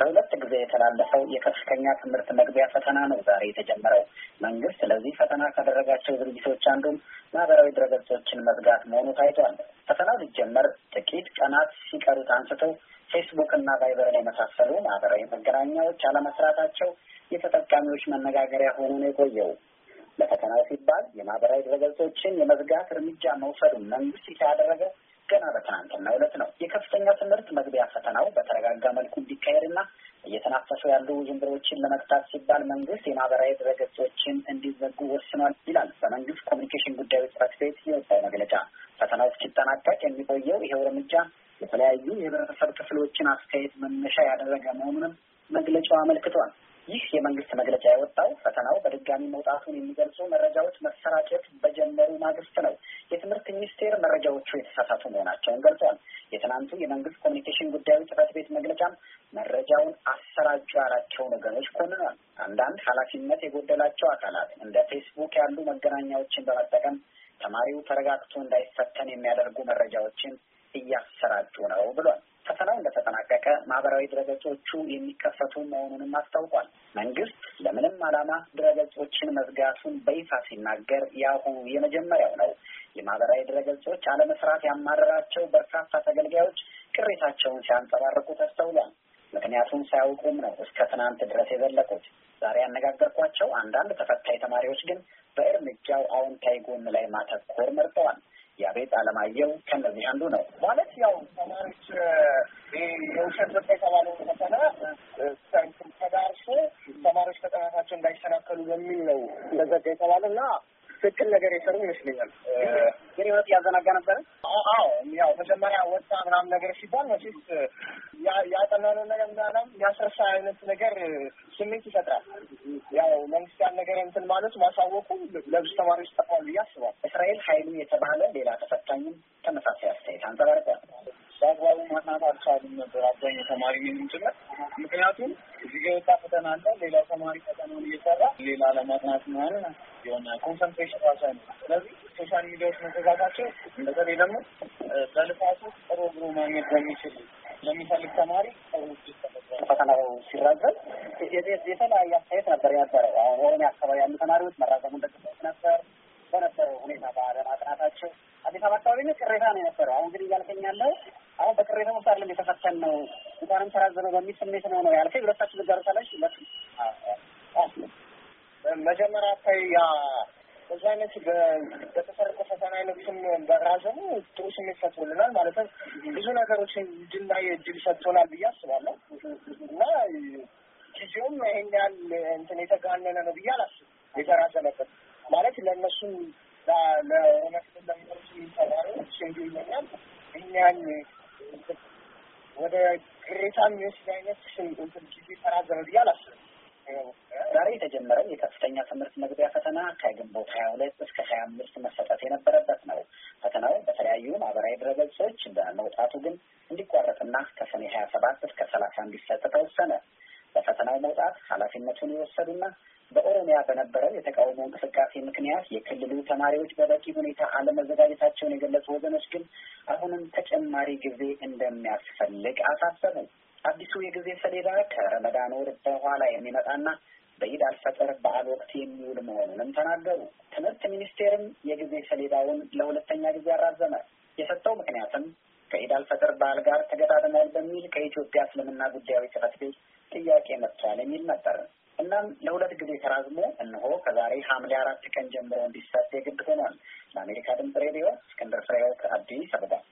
ለሁለት ጊዜ የተላለፈው የከፍተኛ ትምህርት መግቢያ ፈተና ነው ዛሬ የተጀመረው። መንግስት ለዚህ ፈተና ካደረጋቸው ዝግጅቶች አንዱም ማህበራዊ ድረገጾችን መዝጋት መሆኑ ታይቷል። ፈተናው ሊጀመር ጥቂት ቀናት ሲቀሩት አንስቶ ፌስቡክ እና ቫይበርን የመሳሰሉ ማህበራዊ መገናኛዎች አለመስራታቸው የተጠቃሚዎች መነጋገሪያ ሆኖ ነው የቆየው። ለፈተናው ሲባል የማህበራዊ ድረገጾችን የመዝጋት እርምጃ መውሰዱን መንግስት ይፋ ያደረገ ገና በትናንትና ዕለት ነው። የከፍተኛ ትምህርት ያሉ ውዥንብሮችን ለመፍታት ሲባል መንግስት የማህበራዊ ድረገጾችን እንዲዘጉ ወስኗል ይላል በመንግስት ኮሚኒኬሽን ጉዳዮች ጽሕፈት ቤት የወጣው መግለጫ። ፈተናው እስኪጠናቀቅ የሚቆየው ይሄው እርምጃ የተለያዩ የህብረተሰብ ክፍሎችን አስተያየት መነሻ ያደረገ መሆኑንም መግለጫው አመልክቷል። ይህ የመንግስት መግለጫ የወጣው ፈተናው በድጋሚ መውጣቱን የሚገልጹ መረጃዎች መሰራጨት በጀመሩ ማግስት ነው። የትምህርት ሚኒስቴር መረጃዎቹ የተሳሳቱ መሆናቸውን ገልጿል። የትናንቱ የመንግስት ኮሚኒኬሽን ጉዳዮች ጽሕፈት ቤት መግለጫም መረጃውን አሰራጩ ያላቸውን ወገኖች ኮንኗል። አንዳንድ ኃላፊነት የጎደላቸው አካላት እንደ ፌስቡክ ያሉ መገናኛዎችን በመጠቀም ተማሪው ተረጋግቶ እንዳይፈተን የሚያደርጉ መረጃዎችን ማህበራዊ ድረገጾቹ የሚከፈቱ መሆኑንም አስታውቋል። መንግስት ለምንም ዓላማ ድረገጾችን መዝጋቱን በይፋ ሲናገር ያሁኑ የመጀመሪያው ነው። የማህበራዊ ድረገጾች አለመስራት ያማረራቸው በርካታ ተገልጋዮች ቅሬታቸውን ሲያንጸባርቁ ተስተውሏል። ምክንያቱም ሳያውቁም ነው እስከ ትናንት ድረስ የዘለቁት። ዛሬ ያነጋገርኳቸው አንዳንድ ተፈታኝ ተማሪዎች ግን በእርምጃው አዎንታዊ ጎን ላይ ማተኮር መርጠዋል። የአቤት አለማየሁ ከእነዚህ አንዱ ነው። ማለት ያው ተማሪ እንደዘጋ የተባለ እና ትክክል ነገር የሰሩ ይመስለኛል። ግን ይወት ያዘናጋ ነበረ። አዎ ያው መጀመሪያ ወጣ ምናምን ነገር ሲባል መቼስ ያጠናነው ነገር ምናምን ያስረሳ አይነት ነገር ስሜት ይፈጥራል። ያው መንግስት ያን ነገር እንትን ማለት ማሳወቁ ለብዙ ተማሪዎች ጠቅሟል ብዬ አስባል። እስራኤል ሀይሉ የተባለ ሌላ ተፈታኝም ተመሳሳይ አስተያየት አንጸባርቀ ማጥናት አልቻሉም ነበር አብዛኛው ተማሪ ምንም ጭምር። ምክንያቱም እዚህ ጋር የወጣ ፈተና አለ፣ ሌላ ተማሪ ፈተናውን እየሰራ ሌላ ለማጥናት ምናምን የሆነ ኮንሰንትሬሽን ራሱ አይነ። ስለዚህ ሶሻል ሚዲያዎች መዘጋታቸው በተለይ ደግሞ በልፋቱ ጥሩ ብሎ ማግኘት በሚችል ለሚፈልግ ተማሪ ሰዎች ፈተናው ሲራዘም የተለያየ አስተያየት ነበር የነበረው። አሁን አካባቢ ያሉ ተማሪዎች መራዘሙ ደግፈት ነበር በነበረው ሁኔታ ባለማጥናታቸው አዲስ አበባ አካባቢ ቅሬታ ነው የነበረው። አሁን ግን እያልከኝ ያለው አሁን በቅሬታ ውስጥ አይደለም የተፈተን ነው እንኳንም ተራዘመ በሚል ስሜት ነው ነው ያልከኝ። ሁለታችን ልጋርሳለች ለ መጀመሪያ አካባቢ ያ እዛ አይነት በተሰረቀ ፈተና አይነትም በራዘሙ ጥሩ ስሜት ሰጥቶልናል ማለት ነው። ብዙ ነገሮችን እንድናይ እድል ሰጥቶናል ብዬ አስባለሁ እና ጊዜውም ይሄን ያህል እንትን የተጋነነ ነው ብዬ አላስብም። የተራዘመበት ማለት ለእነሱም ለኦሮሚያ ክልል ለሚኖሩ ተማሪዎች እንዲሁ ይመኛል ይህን ያህል ግዴታ የሚወስድ አይነት ጊዜ ይፈራዘም ብዬ አላስብም። ዛሬ የተጀመረው የከፍተኛ ትምህርት መግቢያ ፈተና ከግንቦት ሀያ ሁለት እስከ ሀያ አምስት መሰጠት የነበረበት ነው። ፈተናው በተለያዩ ማህበራዊ ድረገጾች በመውጣቱ ግን እንዲቋረጥና ከሰኔ ሀያ ሰባት እስከ ሰላሳ እንዲሰጥ ተወሰነ። ፈተናው መውጣት ኃላፊነቱን የወሰዱና በኦሮሚያ በነበረው የተቃውሞ እንቅስቃሴ ምክንያት የክልሉ ተማሪዎች በበቂ ሁኔታ አለመዘጋጀታቸውን የገለጹ ወገኖች ግን አሁንም ተጨማሪ ጊዜ እንደሚያስፈልግ አሳሰቡ። አዲሱ የጊዜ ሰሌዳ ከረመዳን ወር በኋላ የሚመጣና በኢድ አልፈጥር በዓል ወቅት የሚውል መሆኑንም ተናገሩ። ትምህርት ሚኒስቴርም የጊዜ ሰሌዳውን ለሁለተኛ ጊዜ አራዘመ። የሰጠው ምክንያትም ከኢድ አልፈጥር በዓል ጋር ተገጣጥሟል በሚል ከኢትዮጵያ እስልምና ጉዳዮች ጽሕፈት ቤት ጥያቄ መጥቷል የሚል ነበር። እናም ለሁለት ጊዜ ተራዝሞ እነሆ ከዛሬ ሐምሌ አራት ቀን ጀምሮ እንዲሰጥ የግድ ሆኗል። ለአሜሪካ ድምጽ ሬዲዮ እስክንድር ፍሬው ከአዲስ አበባ